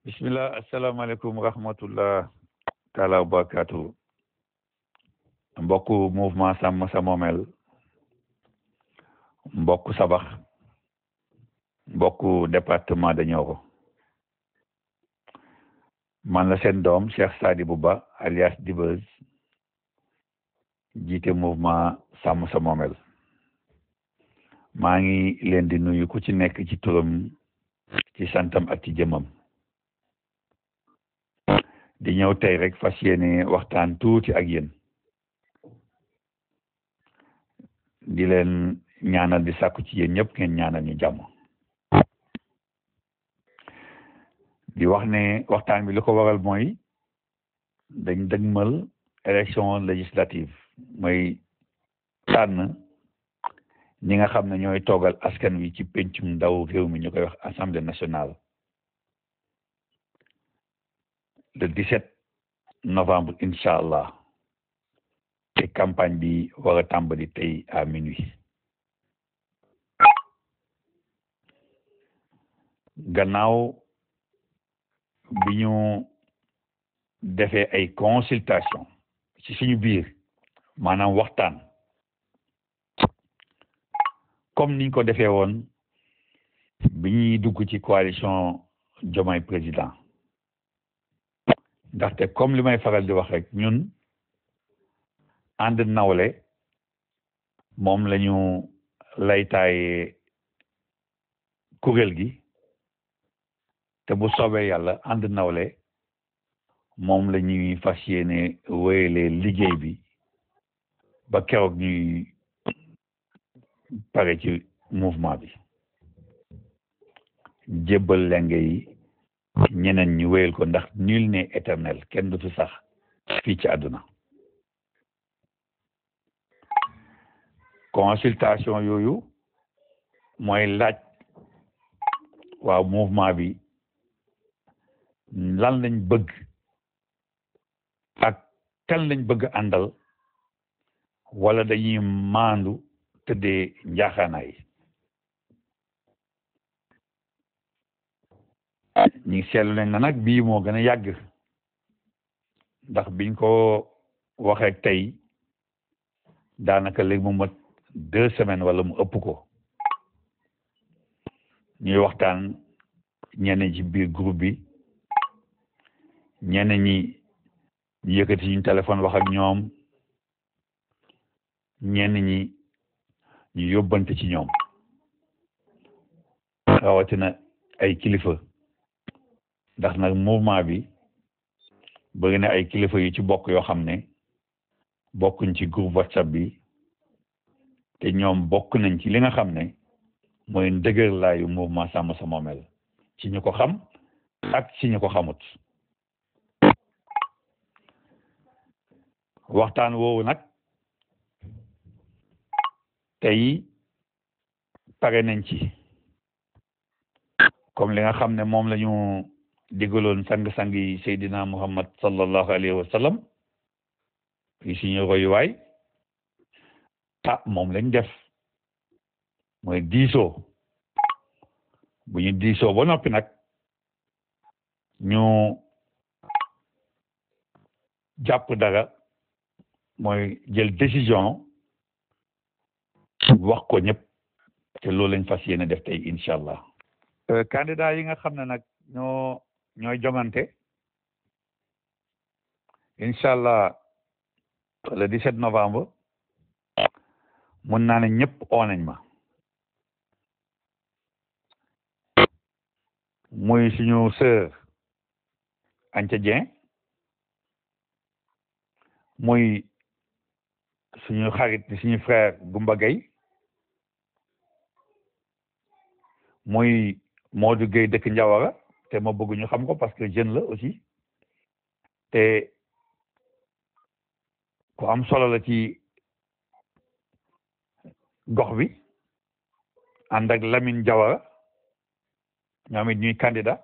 bismillah asalaamaaleykum wa rahmatullah taala wa barakaatu mbokku mouvement sàmm sa moomeel mbokku sabax mbokku département de Nioro man la seen doom Cheikh Sadibou Ba alias Dibeuz jiite mouvement sàmm sa moomeel maa ngi leen di nuyu ku ci nekk ci turam ci santam ak ci jëmam di ñëw tey rek fas yéene waxtaan tuuti ak yéen di leen ñaanal di sàkku ci yéen ñëpp ngeen ñaanal ñu jàmm di wax ne waxtaan bi lu ko waral mooy dañ dëgmal élection législative mooy tànn ñi nga xam ne ñooy toogal askan wi ci pencum ndaw réew mi ñu koy wax assemblée nationale le 17 novembre Inch'Allah, Et campagne va retomber à minuit Ganao, bi fait une ay consultation ci suñu biir maintenant, maintenant. comme nous avons fait, nous dugg ci coalition Diomaye président Da te, kom li may farelde wakwek, nyoun, an den na wale, mom le nyon la itay kurel gi, te bo sobe yale, an den na wale, mom le nyon fasyene wale lige bi, bakero gni pareti mouvma bi. Djebel lenge yi, ñeneen ñu wéyal ko ndax nul n'est éternel kenn du sax fii ci àdduna consultation yooyu mooy laaj waaw mouvement bi lan lañ bëgg a kan lañ bëgg àndal wala dañuy maandu tëddee njaaxaanaay ñu ngi seetlu na nag bii moo gën a yàgg ndax biñ ko waxee tey daanaka léegi moom mat deux semaines wala mu ëpp ko ñuy waxtaan ñenn ci biir groupe bi ñenn ñi ñu yëkkati ñu téléphone wax ak ñoom ñenn ñi ñu yóbbante ci ñoom rawatina ay kilifa ndax nag mouvement bi bëgg na ay kilifa yu ci bokk yoo xam ne bokkuñ ci groupe whatsapp bi te ñoom bokk nañ ci li nga xam ne mooy ndëgër laayu mouvement samo sa ci ñu ko xam ak ci ñu ko xamut waxtaan woowu nag tey pare nañ ci comme linga xam ne moom lañu digaloon sang-sang yi Seydina Muhammad sallallahu alayhi wa sallam yi suñu royuwaay ah moom lañ def mooy diisoo bu ñu diisoo ba noppi nag ñu jàpp dara mooy jël décision wax ko ñëpp te loolu lañ fas yéene def tey incha allah euh, nga xam ne nag ñoo ñooy jongante incha allah le 17 novembre mun naa ne ñëpp oo nañ ma muy suñu sœur Anta Dieng muy suñu xarit suñu frère Goumba Gueye muy Modou Gueye dëkk Njawara te ma bëgg ñu xam ko parce que jën la aussi te ku am solo la ci gox bi ànd ak Lamine Diawara ñoom it ñuy candidat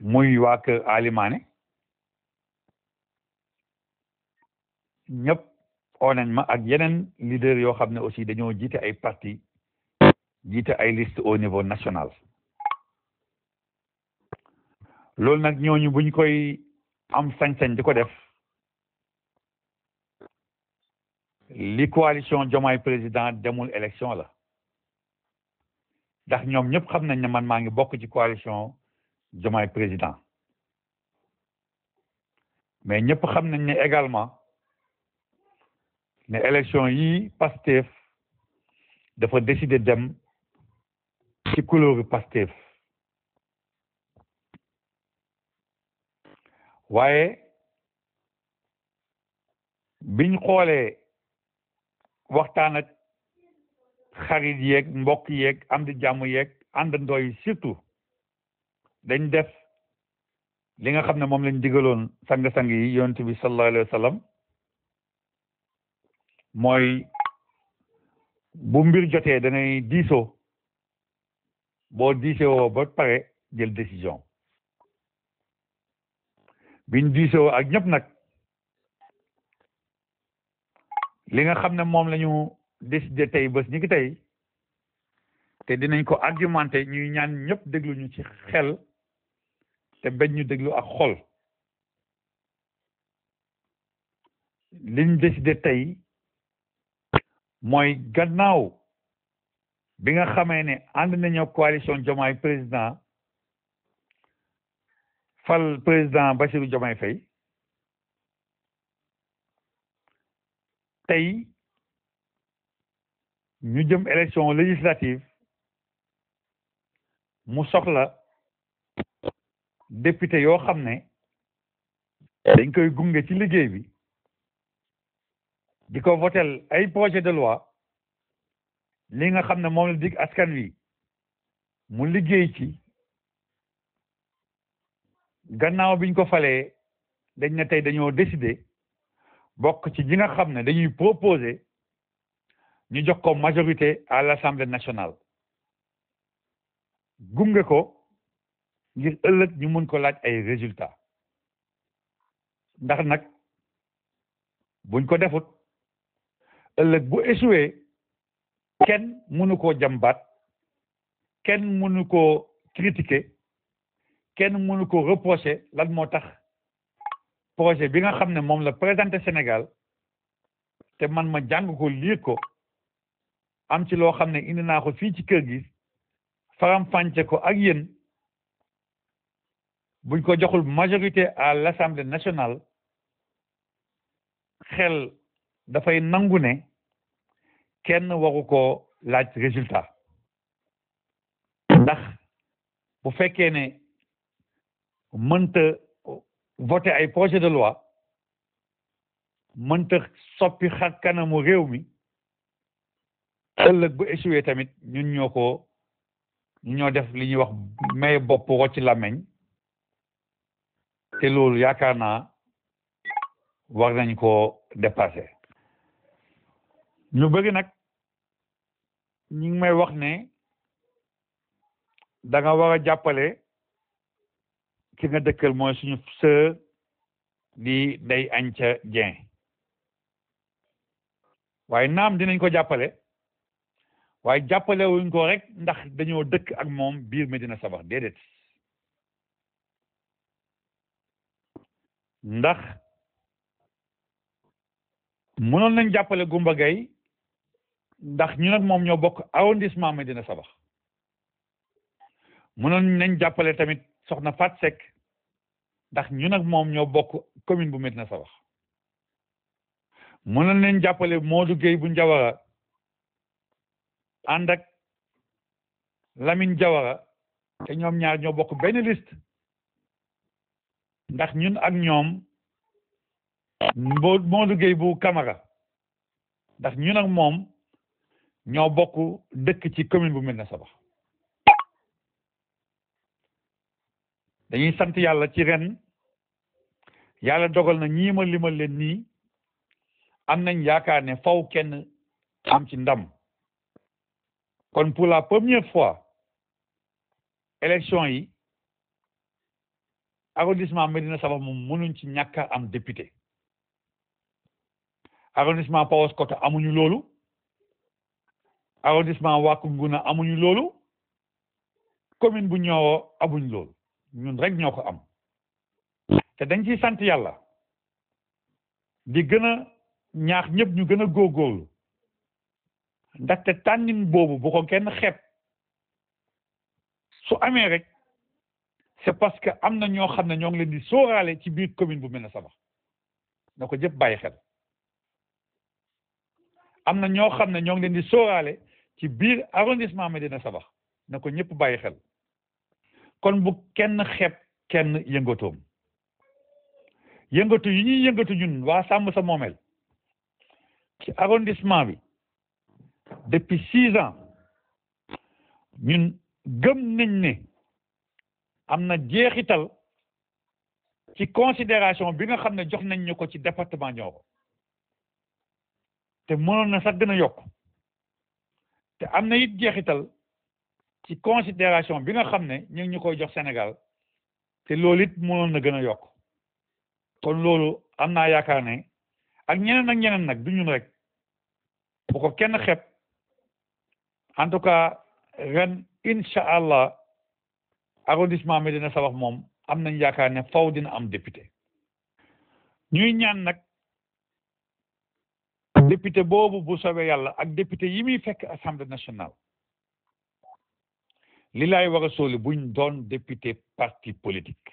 muy waa kër Alimaane ñëpp oo nañ ma ak yeneen leader yoo xam ne aussi dañoo jiite ay parti jiite ay liste au niveau national loolu nag ñooñu buñ koy am sañ-sañ di ko def li coalition Diomaye président demul élection la ndax ñoom ñëpp xam nañ ne man maa ngi bokk ci coalition Diomaye président mais ñëpp xam nañ ne également ne élection yi Pastef dafa décider dem ci couleur Pastef waaye biñ xoolee waxtaan ak xarit yeeg mbokk yeeg am di jàmm yeeg àndandoo yi surtout dañ def li nga xam ne moom lañ digaloon sang-sang yi yonent bi sallallahu mooy bu mbir jotee da diiso bo boo diisewoo ba pare jël décision biñ diisoo ak ñëpp nag li nga xam ne moom la ñu décidé tey bés ñi ki tey te dinañ ko argumenté ñuy ñaan ñëpp déglu ñu ci xel te bañ ñu déglu ak xol liñ décidé tey mooy gannaaw bi nga xamee ne ànd nañoo coalition Diomaye président fal président Bassirou Diomaye Faye tey ñu jëm élection législative mu soxla député yoo xam ne dañ koy gunge ci liggéey bi di ko votel ay projet de loi li nga xam ne moom la dig askan wi mu liggéey ci gannaaw biñ ko falee dañ na tey dañoo décider bokk ci ñi nga xam ne dañuy proposer ñu jox ko majorité à l'Assemblée nationale gunge ko ngir ëllëg ñu mën ko laaj ay résultats ndax nag buñ ko defut ëllëg bu échoué kenn mënu koo jàmbaat kenn mënu koo critiquer kenn mënu ko reprocher lan moo tax projet bi nga xam ne moom la présenté Sénégal te man ma jàng ko liir ko am ci loo xam ne indi naa ko fii ci kër gi faram-fàcce ko ak yéen buñ ko joxul majorité à l'Assemblée national xel dafay nangu ne kenn waru ko laaj résultat ndax bu fekkee ne mënta voté ay projet de loi mënta soppi xar kanamu réew mi ëllëg bu échoué tamit ñu ñoo ko ñoo def li ñuy wax may bopp rocc làmmeñ te loolu yaakaar naa war nañ ko dépassé ñu bëri nag ñu ngi may wax ne da nga war a jàppale ki nga dëkkal mooy suñu sœur di day añca Dieng waaye naam dinañ ko jàppale waaye jàppale wuñ ko rek ndax dañoo dëkk ak moom biir ma Medina Sabakh déedéet ndax mënoon nañ jàppale Goumba Gaye ndax ñu ak moom ñoo bokk ma dina sabax mënoon nañ jàppale tamit soxna Faat Seck ndax ñun ak mom ñoo bokk commune bu Médina Sabakh mënoon leen jappalé Modou Gueye bu ndjawara andak Lamine Jawara té ñom ñaar ñoo bokk ben liste ndax ñun ak ñom Modou Gueye bu Camara ndax ñun ak mom ñoo bokk dëkk ci commune bu Médina Sabakh dañuy sant yàlla ci ren yàlla dogal na ñii ma limal leen nii am nañ yaakaar ne faw kenn am ci ndam kon pour la première fois élection yi arrondissement Médina Sabakh moom mënuñ ci ñàkk a am député arrondissement Paoskoto amuñu loolu arrondissement Wack na amuñu loolu commune bu Nioro amuñ loolu ñun rek ñoo ko am te dañ ciy sant yàlla di gën a ñaax ñëpp ñu gën a góorgóorlu ndaxte tànnin boobu bu ko kenn xeeb su amee rek c'est parce que am na ñoo xam ne ñoo ngi leen di sóoraale ci biir commune bu mel ne Sabax na ko jëpp bàyyi am na ñoo xam ne ñoo ngi leen di sóoraale ci biir arrondissement Médina Sabax na ko ñëpp bàyyi xel kon bu kenn xeeb kenn yëngatoom yëngatu yi ñuy yëngatu ñun waa sàmm sa moomeel ci arrondissement bi depuis six ans ñun gëm nañ ne am na jeexital ci considération bi nga xam ne jox nañ ñu ko ci département Nioro te mënoon na sax gën a yokk te am na it jeexital ci considération bi nga xam ne ñu ngi ñu koy jox Sénégal te loolu it mënoon na gën a yokk kon loolu am naa yaakaar ne ak ñeneen ak ñeneen nag du ñun rek bu ko kenn xeeb en tout cas ren incha allah arrondissement Médina Sabakh moom am nañ yaakaar ne fow dina am député ñuy ñaan nag député boobu bu soobee yàlla ak député yi muy fekk assemblée nationale li laay député parti politique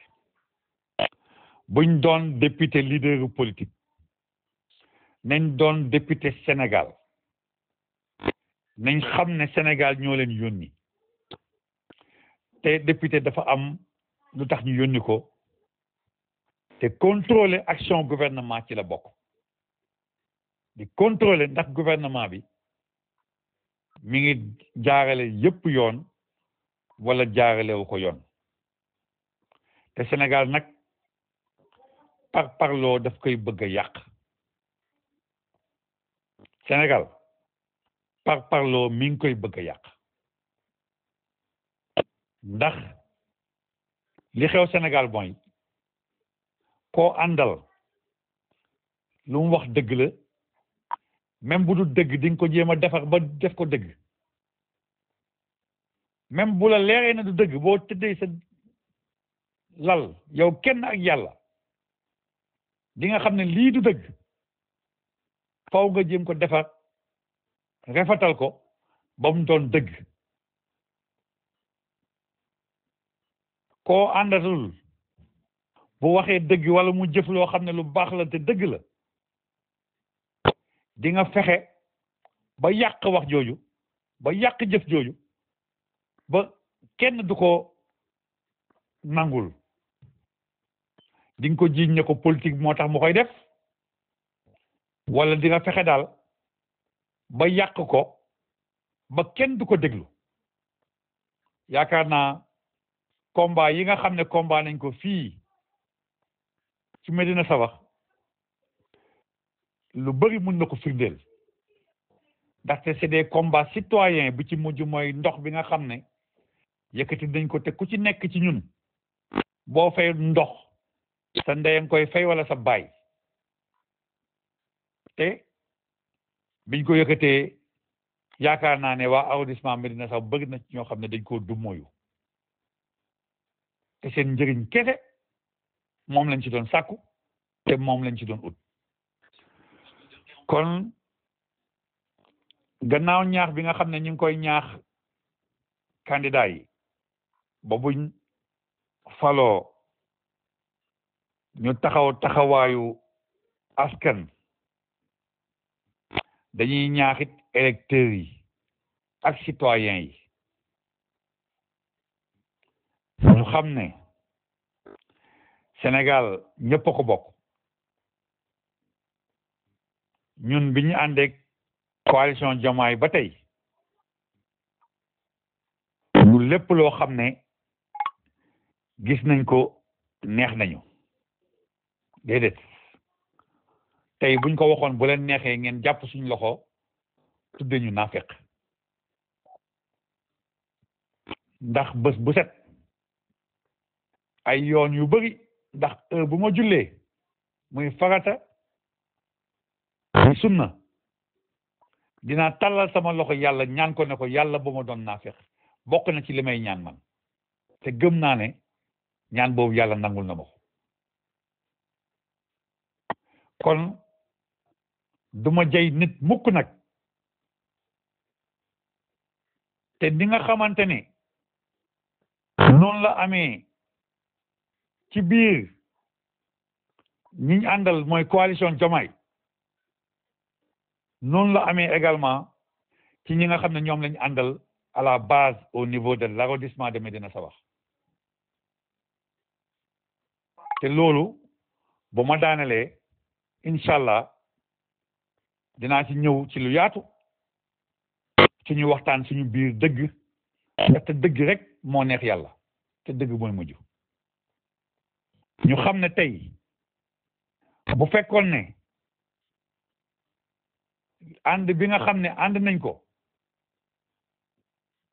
buñ doon député leader politique nañ doon député Sénégal nañ xamné Sénégal ñoo leen yónni député dafa am lu tax ñu ko contrôler action gouvernement ci la bokk di contrôler ndax gouvernement bi mi ngi wala jaaralewu ko yoon te Sénégal nag par parloo daf koy bëgg yàq Sénégal par parloo mi ngi koy bëgg a yàq ndax li xew Sénégal mooy koo àndal lu wax dëgg la même bu dul dëgg di nga ko jéem a defar ba def ko dëgg même bu la leeree na du dëgg boo tëddee sa lal yow kenn ak yàlla dinga xam ne lii du dëgg faw nga jéem ko defar refatal ko ba mu doon dëgg koo àndatul bu waxee dëgg wala mu jëf loo xam ne lu baax la te dëgg la dinga nga fexe ba yàq wax jooju ba yàq jëf jooju ba kenn du ko nangul di nga ko jiiñ ne ko politique moo tax moo koy def walla di nga fexe daal ba yàq ko ba kenn du ko déglu yaakaar naa combat yi nga xam ne combat nañ ko fii ci Medina Sabax lu bëri mun na ko firndeel ndaxte c'est des combats citoyens bi ci mujj mooy ndox bi nga xam ne yëkkati dañ ko te ku ci nekk ci ñun boo fay ndox sa ndeyang koy fay wala sa baay te biñ ko yëkkatee yaakaar naa ne waa arrondissement Médina sax bëgg na ci ñoo xam ne dañ koo dummóoyu te seen njëriñ kese moom lañ ci doon sàkku te moom lañ ci doon ut kon gannaaw ñaax bi nga xam ne ñu ngi koy ñaax candidat yi ba buñ faloo ñu taxaw taxawaayu askan dañuy ñaaxit électeurs yi ak citoyens yi ñu xam ne Sénégal ñëpp a ko bokk ñun bi ñu àndeek coalition Diomaye ba tey lu lépp loo xam ne gis nañ ko neex nañu déedéet tey buñ ko waxoon bu leen neexee ngeen jàpp suñ loxo tudde ñu ndax bés bu set ay yoon yu bëri ndax bu ma julee muy farata muy na dinaa tàllal sama loxo yàlla ñaan ko ne ko yàlla bu ma doon naafeq bokk na ci li may ñaan man te gëm naa ne ñaan boobu yàlla nangul na ma kon duma jay nit mukk nag te ni nga xamante ne noonu la amee ci biir ñiñ àndal mooy coalition Diomaye noonu la amee également ci ñi nga xam ne ñoom lañ àndal à la base au niveau de la l'arrondissement de Médina Sabakh te loolu bu ma daanalee incha allah dinaa ci ñëw ci lu yaatu ci waxtaan suñu biir dëgg te dëgg rek moo neex yàlla te dëgg mooy mujj ñu xam ne tey bu fekkoon ne ànd bi nga xam ne ànd nañ ko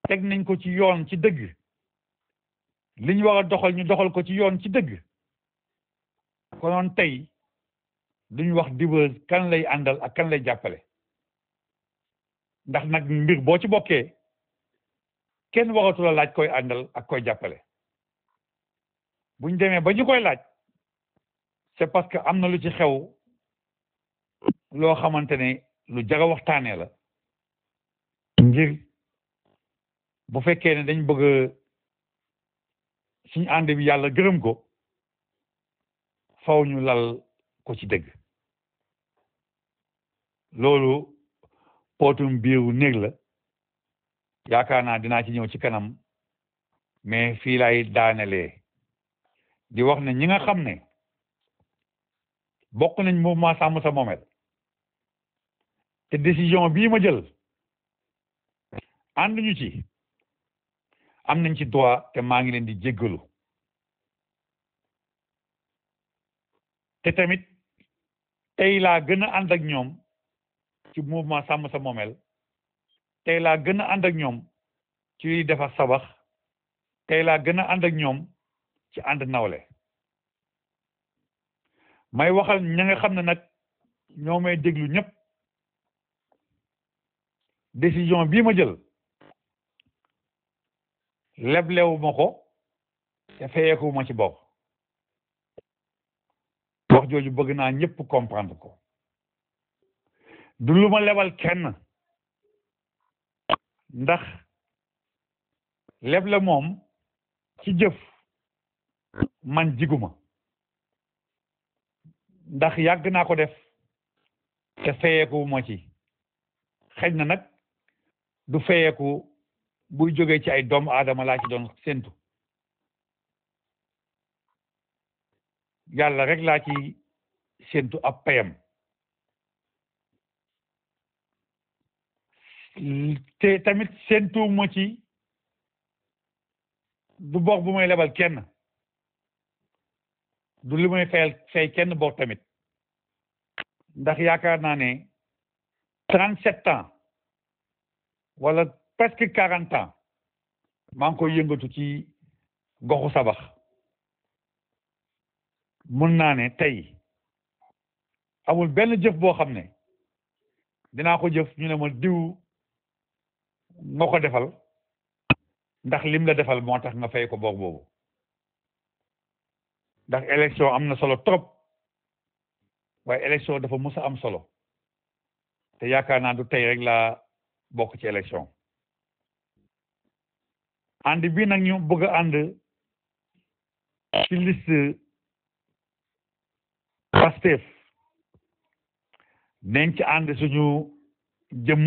teg nañ ko ci yoon ci dëgg liñ war a doxal ñu doxal ko ci yoon ci dëgg konoon tey duñ wax dibeuse kan lay àndal ak kan lay jàppale ndax nag mbir boo ci bokkee kenn waxatu la laaj koy àndal ak koy jàppale buñ demee ba ñu koy laaj c'est parce que am na lu ci xew loo xamante ne lu jaga waxtaanee la bu fekkee ne dañ bëgg suñu ànd bi yàlla gërëm ko faw ñu lal ko ci dëgg loolu pootum biiru néeg la yaakaar naa dinaa ci ñëw ci kanam mais fii lay daanelee di wax na ñi nga xam ne bokk nañ mouvement sàmm sa moomeel te décision bii ma jël ànd ñu ci am nañ ci droit te maa ngi leen di jéggalu tamit tey laa gën a ànd ak ñoom ci mouvement sàmm sa moomeel tey laa gën a ànd ak ñoom ci defar sabax tey laa gën a ànd ak ñoom ci ànd nawle may waxal ña nga xam ne nag ñoo may déglu ñëpp décision bii ma jël leblewuma ko te feyeeku ci bopp jooju bëgg naa ñëpp comprendre ko du lu ma lebal kenn ndax la moom ci jëf man jiguma ndax yàgg naa ko def te feyeeku moo ci xëy na nag du feyeeku buy jógee ci ay doomu aadama laa ci doon séntu yàlla rek laa ci séntu ab payam te tamit séntu ma ci du bor bu may lebal kenn du li may fayal fay kenn bor tamit ndax yaakaar naa ne trente sept ans wala presque quarante ans maa ngi koy yëngatu ci goxu sabax mun naa ne tey amul benn jëf boo xam ne dinaa ko jëf ñu ne ma diw nga ko defal ndax lim la defal moo tax nga fay ko boog boobu ndax élection am na solo trop waaye élection dafa mus a am solo te yaakaar naa du tey rek laa bokk ci élection ànd bii nag ñu bëgg a ci liste Pastef nañ ci ànd suñu jëmm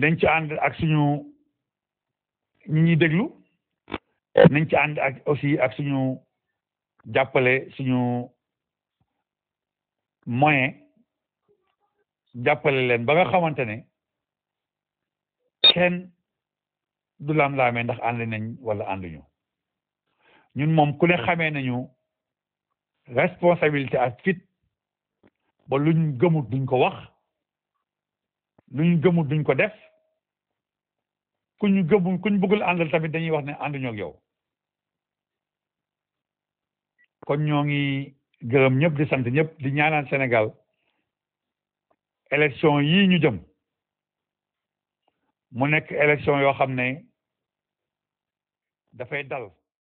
nañ ci ànd ak suñu ñi ñuy déglu nañ ci ànd ak aussi ak suñu jàppale suñu moyen jàppale leen ba nga xamante ne kenn du lam-laamee ndax ànd nañ wala ànduñu ñun moom ku xamee nañu responsabilité ak fit ba luñ gëmut duñ ko wax luñ gëmut duñ ko def ku ñu gëmul ku ñu bëggul àndal tamit dañuy wax ne ànduñoo yow kon ñoo ngi gërëm ñëpp di sant ñëpp di ñaanal Sénégal élection yii ñu jëm mu nekk élection yoo xam ne dafay dal